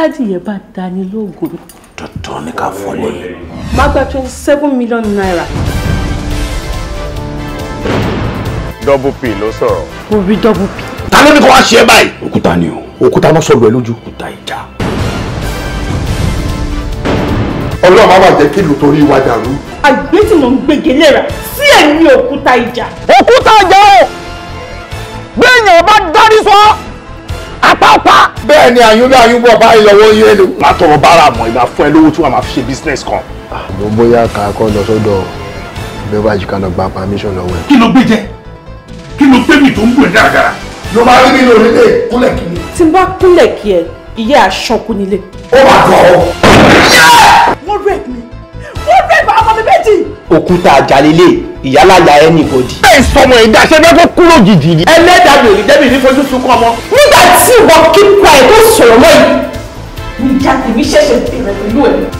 tádìyẹ bá dání lóògùn. dandan ni ká fọ́ lẹ́yìn. má gba twenty seven million naira. double p ló sọ̀rọ̀. mo rí double p. ta ló ní kó wá ṣe é báyìí. òkúta ni o òkúta náà sọ̀rọ̀ ẹ lójú. òkúta ìjà. ọlọ́run máa wà jẹ́ kí ìlú torí wa dàrú. àgbẹ̀tì ló ń gbégélé rà sí ẹ̀yìn òkúta ìjà. òkúta ìjà o. bẹ́ẹ̀ ni àyún bí àyún bọ̀ báyìí lọ́wọ́ yé ni. látọ̀rọ̀ bára mọ̀ ìgbà fún ẹ lówó tí wọ́n máa fi ṣe business kan. Ah, mo bóyá ká kọ́ lọ sọ́dọ̀ beverage ká lọ gba permission lọ́wọ́ ẹ̀. kí ló gbé jẹ kí ló gbé mi tó ń bù ẹ dáradára. ló máa rí mi lórí ilé kúnlẹ̀ kí ni. tí n bá kúnlẹ̀ kí ẹ ìyá àṣọkú nílé. ó mà gbọ́ ọ. wọ́n rẹ̀ mi wọ́n rẹ̀ bá ọmọ mi méjì. òkúta àjàlélé ìyálàyà ẹnìbọdì. bẹ́ẹ̀ sọmọ ìdáṣẹ́ bẹ́ẹ̀ kó kúrò jìjì ni. ẹlẹ́dàá mi ò ní débi ní fojú sunkún ọmọ. nígbà tí ìwọ kí ẹ̀ tó sọ̀rọ̀ mọ́ yìí. Níjà tèmi ṣẹ̀ṣẹ̀ bẹ̀rẹ̀ pẹ̀lú ẹ̀.